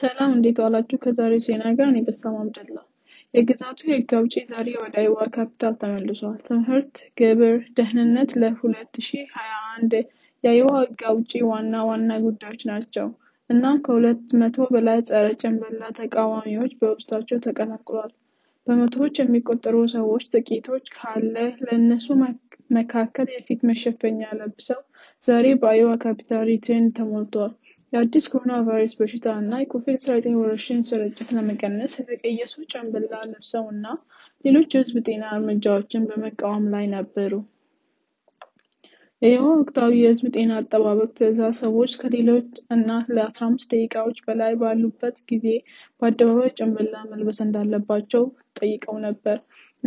ሰላም እንዴት ዋላችሁ ከዛሬው ዜና ጋር እኔ በሰማ አብደላ። የግዛቱ የህግ አውጪ ዛሬ ወደ አይዋ ካፒታል ተመልሷል። ትምህርት፣ ግብር፣ ደህንነት ለ2021 የአይዋ ህግ አውጪ ዋና ዋና ጉዳዮች ናቸው። እናም ከሁለት መቶ በላይ ጸረ ጭምብላ ተቃዋሚዎች በውስጣቸው ተቀላቅሏል። በመቶዎች የሚቆጠሩ ሰዎች ጥቂቶች ካለ ለእነሱ መካከል የፊት መሸፈኛ ለብሰው ዛሬ በአይዋ ካፒታል ሪትርን ተሞልተዋል። የአዲስ ኮሮና ቫይረስ በሽታ እና የኮቪድ-19 ወረርሽኝ ስርጭት ለመቀነስ የተቀየሱ ጨንበላ ለብሰው እና ሌሎች የሕዝብ ጤና እርምጃዎችን በመቃወም ላይ ነበሩ። የየዋ ወቅታዊ የሕዝብ ጤና አጠባበቅ ትዕዛዝ ሰዎች ከሌሎች እና ለ15 ደቂቃዎች በላይ ባሉበት ጊዜ በአደባባይ ጨንበላ መልበስ እንዳለባቸው ጠይቀው ነበር።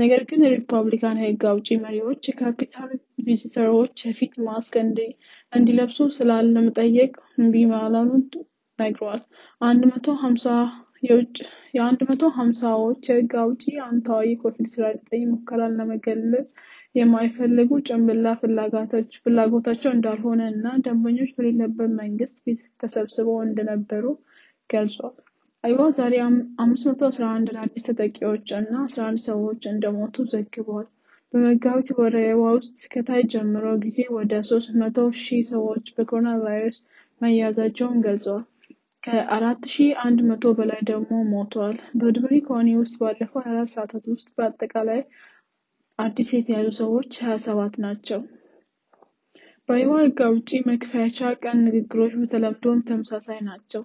ነገር ግን የሪፐብሊካን የሕግ አውጪ መሪዎች የካፒታል ቪዚተሮች የፊት ማስክ እንዲለብሱ ስላለመጠየቅ እምቢ ማለቱን ነግሯል። የአንድ መቶ ሃምሳዎች የሕግ አውጪ አዎንታዊ ኮቪድ-19 ሙከራን ለመገለጽ የማይፈልጉ ጭንብላ ፍላጎታቸው እንዳልሆነ እና ደንበኞች በሌለበት መንግስት ፊት ተሰብስበው እንደነበሩ ገልጿል። አይዋ ዛሬ 11 አዲስ ተጠቂዎች እና 11 ሰዎች እንደሞቱ ዘግቧል። በመጋቢት ወር ውስጥ ከታይ ጀምሮ ጊዜ ወደ 300 ሺህ ሰዎች በኮሮና ቫይረስ መያዛቸውን ገልጸዋል። ከ ሺህ በላይ ደግሞ ሞተዋል። በድብሪ ኮኒ ውስጥ ባለፈው 24 ሰዓታት ውስጥ በአጠቃላይ አዲስ የተያዙ ሰዎች 27 ናቸው። በይዋ ህግ አውጪ መክፈቻ ቀን ንግግሮች በተለምዶም ተመሳሳይ ናቸው።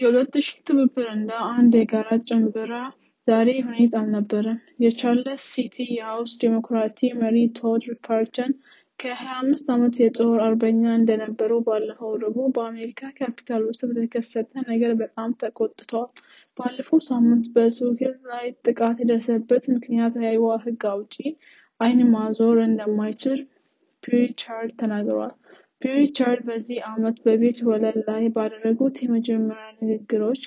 የሁለት ሺህ ትብብር እና አንድ የጋራ ጭንብራ ዛሬ ሁኔታ አልነበረም። የቻርለስ ሲቲ የሀውስ ዲሞክራቲ መሪ ቶድ ፓርተን ከ25 ዓመት የጦር አርበኛ እንደነበሩ ባለፈው ረቡዕ በአሜሪካ ካፒታል ውስጥ በተከሰተ ነገር በጣም ተቆጥተዋል። ባለፈው ሳምንት በስዊድን ላይ ጥቃት የደረሰበት ምክንያት የአይዋ ሕግ አውጪ አይን ማዞር እንደማይችል ፕሪቻርድ ተናግሯል። ሪቻርድ በዚህ ዓመት በቤት ወለል ላይ ባደረጉት የመጀመሪያ ንግግሮች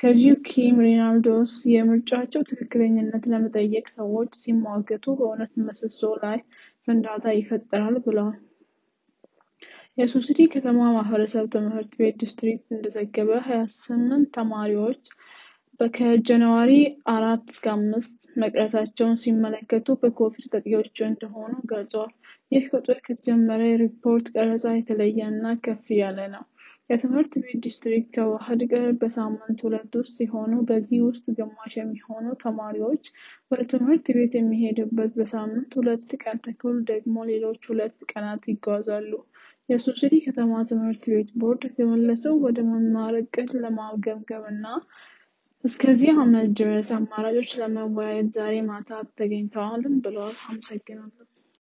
ከዚሁ ኪም ሬናልዶስ የምርጫቸው ትክክለኝነት ለመጠየቅ ሰዎች ሲሟገቱ በእውነት ምሰሶ ላይ ፍንዳታ ይፈጠራል ብለዋል። የሱስዲ ከተማ ማህበረሰብ ትምህርት ቤት ዲስትሪክት እንደዘገበ 28 ተማሪዎች ከጃንዋሪ አራት እስከ አምስት መቅረታቸውን ሲመለከቱ በኮቪድ ተጠቂዎች እንደሆኑ ገልጸዋል። ይህ ቁጥር ከተጀመረ የሪፖርት ቀረጻ የተለየ እና ከፍ ያለ ነው። የትምህርት ቤት ዲስትሪክት ከዋህድ ጋር በሳምንት ሁለት ውስጥ ሲሆኑ በዚህ ውስጥ ግማሽ የሚሆኑ ተማሪዎች ወደ ትምህርት ቤት የሚሄዱበት በሳምንት ሁለት ቀን ተኩል ደግሞ ሌሎች ሁለት ቀናት ይጓዛሉ። የሱሲዲ ከተማ ትምህርት ቤት ቦርድ የተመለሰው ወደ መማር እቅድ ለማገምገም እና እስከዚህ ዓመት ድረስ አማራጮች ለመወያየት ዛሬ ማታ ተገኝተዋልም ብለዋል። አመሰግናለሁ።